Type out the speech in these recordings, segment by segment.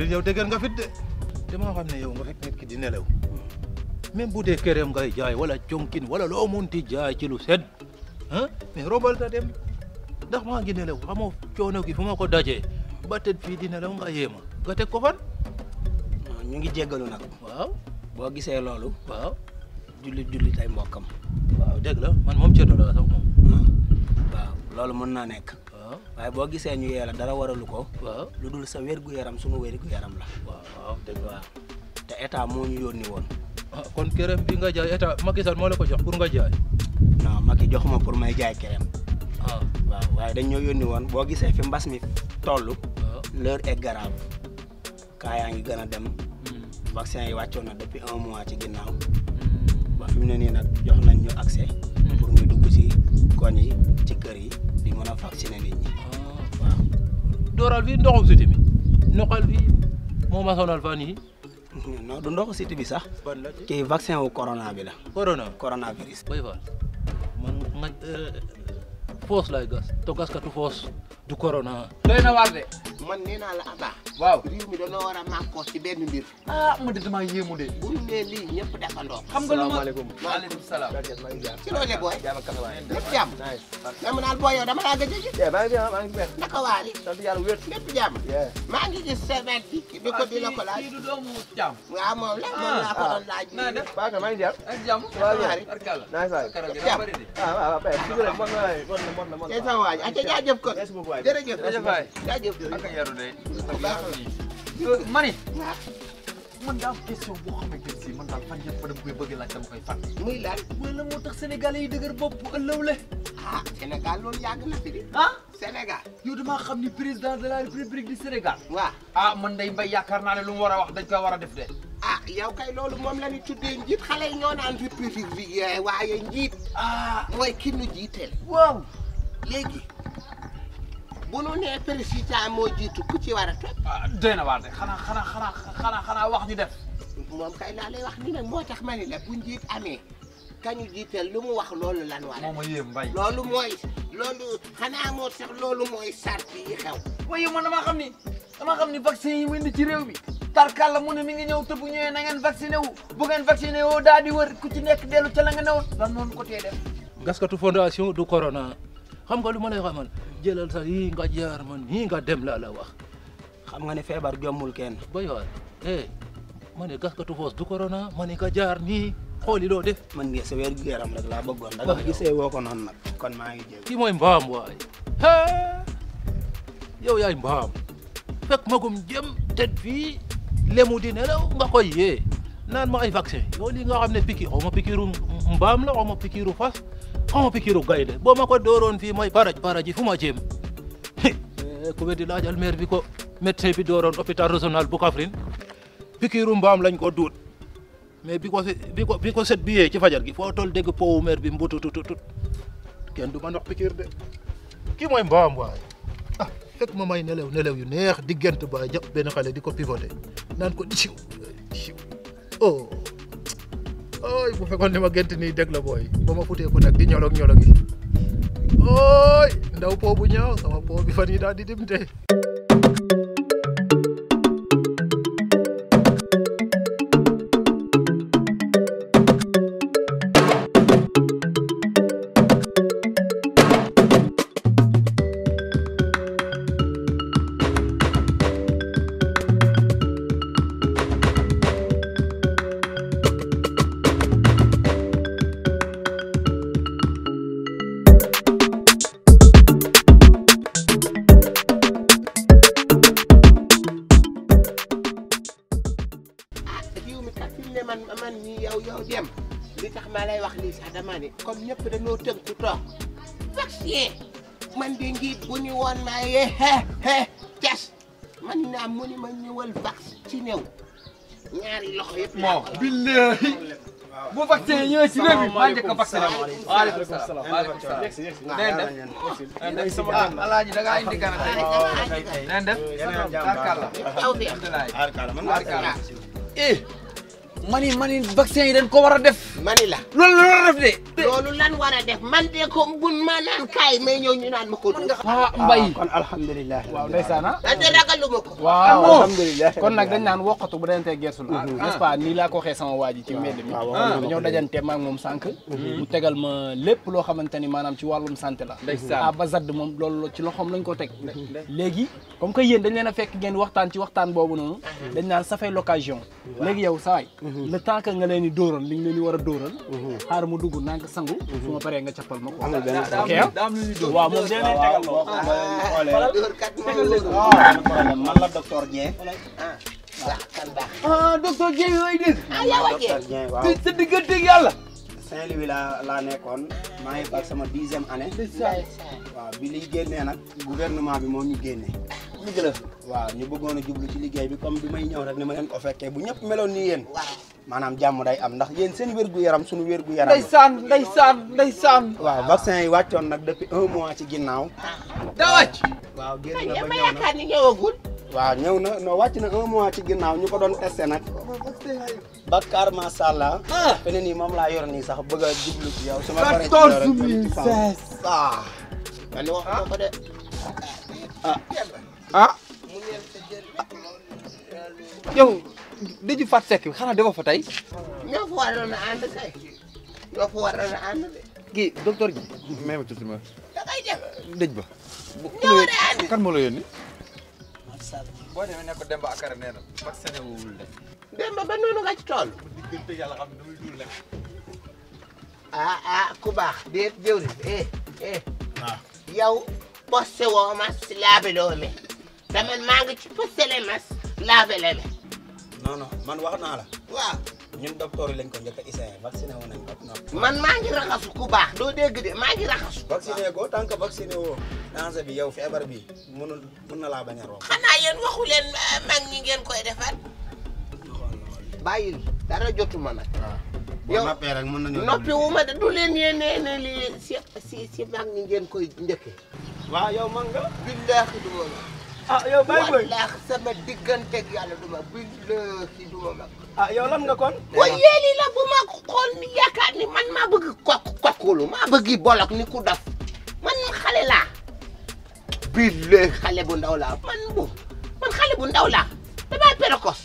Mouride yow dëgër nga fit de damaa xam ne yow nga fekk nit ki di nelaw même bu dee këram ngay jaay wala conkin wala loo ti jaay ci lu set ah mais robal ta dem ndax maa ngi nelaw xamoo coono gi fu ma ko daje ba tëdd fii di nelaw nga yéema nga teg ko fan. ñu ngi jéggalu nag. waaw boo gisee loolu. waaw jullit jullit ay mbokkam. waaw dégg la man moom ceddo la sax moom. waaw loolu mën naa nekk. waaye boo gisee ñu yee la dara waralu ko. lu dul sa wérgu yaram sunu wérgu yaram la. waaw dëgg te état moo ñu yónni woon. Ah, kon kerem bi nga jaay ma Macky Sall moo la ko jox pour nga jaay. non Macky jox ma pour may jaay kerem. waaw ah. waaw waaye dañ ñoo yónni woon boo gisee fi mbas mi toll. Ah. l'heure est grave. kaa yaa ngi gën a dem. Hmm. vaccin yi wàccoon na depuis un mois ci ginnaaw. Hmm. ba fi mu ne nii nag jox nañ ñu accès. Hmm. pour ñu dugg ci koñ yi ci kër yi. mën a vacciner nit ñi ah, waaw. dooral fii fii moo ma sonal fan yii. non du ndoxu cité sax. ban la vaccin wu corona bi la. corona coronavirus. bay faal man nga euh, foos laay gas to gaskatu du corona. waaw réew mi dañoo war a mànkoo ci benn mbir. ah ma de damaa yéemu de. bu ñu nee lii ñëpp defandoo. xam nga lu ma salaamaaleykum. maaleykum salaam. ci loo dee booy. lépp jàmm. dama naan booy yow dama laa gëj a gis. maa ngi maa ngi wér. naka waa li. sant yàlla wér. lépp jàmm. maa ngi gis semaine bi. di ko ah, di la ko laaj. du doomu jàmm. waaw moom la moom laa ko doon laaj. naa def baax na maa ngi jàmm. ak jàmm. waaw ñaari. naa saa yi. jàmm. ah waaw waaw. mën na mën na mën na. ma ne man daa am question boo xamante ne si man daal fan yëpp fa dama koy bëgg laaj dama koy fàtte. muy laaj. mooy la moo tax sénégalais yi dëgër bopp bu ëllëwle. ah Sénégal loolu yàgg na fi di. ah Sénégal. yow damaa xam ni président de la république du Sénégal. waaw ah man day mbay yaakaar naa ne lu mu war a wax dañ koy war a def de. ah yow kay loolu moom la ñu tuddee njiit xale yi ñoo naan république bi eh, waaye njiit. ah mooy ki nu jiiteel. waaw léegi. bu nu nee président moo jiitu ku ci war a toog. ah doy na waar de xanaa xanaa xanaa xanaa xanaa wax ñu def. moom kay laa lay wax ni nag moo tax ma ni la bu njiit amee kañu jiital lu mu wax loolu lan war a. moom mbay loolu mooy. loolu xanaa moo sax loolu mooy sart yi xew. waaye man damaa xam ni damaa xam ni vaccin yi mu indi ci réew mi. tarkal la mu ne mi ngi ñëw te bu ñëwee na ngeen vacciné wu bu ngeen vacciné woo daal di wër ku ci nekk dellu ca la nga newoon lan noonu ko tee def. gaskatu fondation du corona xam nga lu ma lay xamal. jëlal sa yii nga jaar man yii nga dem laa wax. xam nga ne feebar jommul kenn. ba yoon eh ma ne gaskatu foos du corona ma ne nga jaar nii xooli loo de man ngi sa wér gu rek laa bëggoon da nga gisee woo ko nag kon maa ngi jël. kii mooy mbaam waay yow yaay mbaam fekk magum jëm tëdd fii lemu di nelaw nga koy yee naan ma ay vaccin li nga xam ne piqûre xaw ma piqûru mbaam la xaw ma piqûru fas. fama pikiru gaynde boo ma ko dooroon fii mooy baraj baraji fu ma jéem eh, ku weddi laajal maire bi ko médecin bi dooroon hôpital régional bu Kaffrine pikiru mbaam lañ ko duut mais bi ko bi ko set bi yee ci fajar gi foo tol dégg powu maire bi mbutututut kenn du ma ndox pikir de kii mooy mbaam waay ah fekk ma may nelew nelew yu neex diggante ba jàpp benn xale di ko pivoté naan ko disiw disiw oh ooy bu fekkoon li ma gént nii dégg la booy boo ma futee ku nekk di ñolog ñolog yi ooy ndaw poobu bu ñaaw sama po bi fan yi daal di dimte ma ni comme ñëpp dañoo tënku toog vaccin man di njiit bu ñu woon naa ye he he cas man naa mu ni ma ñëwal vacciné wu ñaari loxo yëpp moo billahi bu vaccin ñëwee ci réew mi maa njëkk a vacciné waaleykum salaam waaleykum salaam def alaaji da ngaa indi gan tey def barkalla barkalla man barkalla eh mani i vaccin yi dañ ko war def. mani la loolu la war a def de. loolu lan war a def man de ko gun ma naan kaay may ñëw ñu naan ma ko. ah mbay ah, kon alhamdulilah. waaw ndeysaan ah. man de ragalu ma ko. waaw ah, alhamdulilah kon nag dañ naan wokkatu bu dantee gersul. Mhm. n'est-ce pas nii laa ko waxee sama waa ji ci mbedd mi. Ah, waaw ñoo dajante moom sànq. Mhm. mu tegal ma lép loo xamante ni maanaam ci wàllum sante la. ndeysaan ah ba zadd moom loolu ci loxoom lañ ko teg. léegi comme que yéen dañ leen a fekk ngeen waxtaan ci waxtaan boobu noonu. Mhm. dañ naan ça fait léegi yow saay le temps que nga leen di dóoral li nga leen war a dóoral mhm. xaar mu dugg nank sangu su paree nga cappal ma ko ah? waaw moom dee ah, leen tegal ah, man la docteur Dieng ah docteur Dieng yooyu dégg ah yaa wàccee sa diggante laa nekkoon maa ngi bak sama dixième année waaw bi liy génnee nag gouvernement bi moom ñu génnee dëgg la waaw ñu bëggoon a jublu ci liggéey bi comme bi may ñëw rek ni ma leen ko fekkee bu ñëpp meloon ni yéen waaw maanaam jàmm day am ndax yéen seen wér-gu-yaram suñu wér-gu-yaram ndeysaan ndeysaan ndeysaan waaw vaccin yi wàccoon nag depuis un ci ginnaaw da wàcc waaw génn na ñëw na yaakaar ni waaw ñëw na non wàcc na un mois ci ginnaaw ñu ko doon testé nag Bakar Masalla ah. feneen yi moom laa yor nii sax bëgg a jublu ci yow su ma paree quatorze mille cinq cent ah wax ko de ah. Ah. ah yow dëju Fatou Seck bi xanaa defoo fa tey. ñoo fa waroon a ànd tey ñoo fa waroon a ànd de. kii docteur gi. may ma tuuti da ba. ba noonu nga ci tool. diggante yàlla xam ne damay dul ah, ah, bosse eh, eh. ah. woo ma si laabi dama maa ngi ci pësele mas laabele me non non man wax naa la waaw ñun docteur yi lañ ko njëkk a essayé vacciné wu nañ ko man maa ngi raxasu ku baax doo dégg de maa ngi raxasu vacciné goo tant que woo danger bi yow feebar bi mënul na laa bañ a romb xanaa yéen eh, mag ñi ngeen koy defar bàyyil dara jotuma nag ah, yow noppi wu de du leen yéenee ne si mag ñi ngeen koy njëkkee waaw yow man nga billaahi du ma ah yow bàyyi booy wallaax sama digganteeg ah, la si ma kon. waaye ni yaakaar ni man maa bëgg kok kokkulu maa bëgg bolok ni ku daf man xale laa. bii xale bu ndaw laa man bu man xale bu ndaw laa damaa précoce.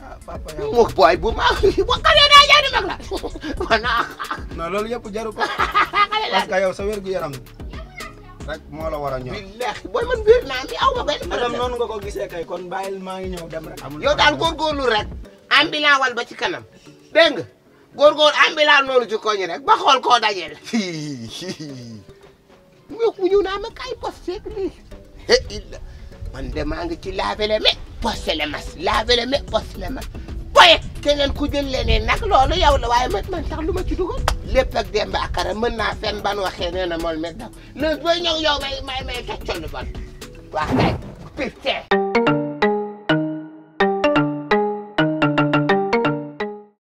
ah papa yow moom bu ma boo xale naa jaay di mag la. non loolu yëpp jaru ko. xale laa parce sa wér gu yaram. rek moo la war a ñor. billahi booy man biir naa mi aw ma benn problème. noonu nga ko gisee maa ngi ñëw dem rek. amul yow daal góorgóorlu wal ba ci kanam dégg nga góorgóor ambulant loolu ci koñ rek ba xool koo dajeel. ñoo mu ñëw naa ma kay posté lii. man de maa ngi ci laabele me posté le mas laabele me posté le mas. te keneen ku jël leneen nag loolu yow la waaye man man sax lu ma ci dugal lépp ak demb ak kara mën naa fenn ban waxee nee a mool meg daw loolu booy ñëw yow may may may taccalu ban wax kay pifte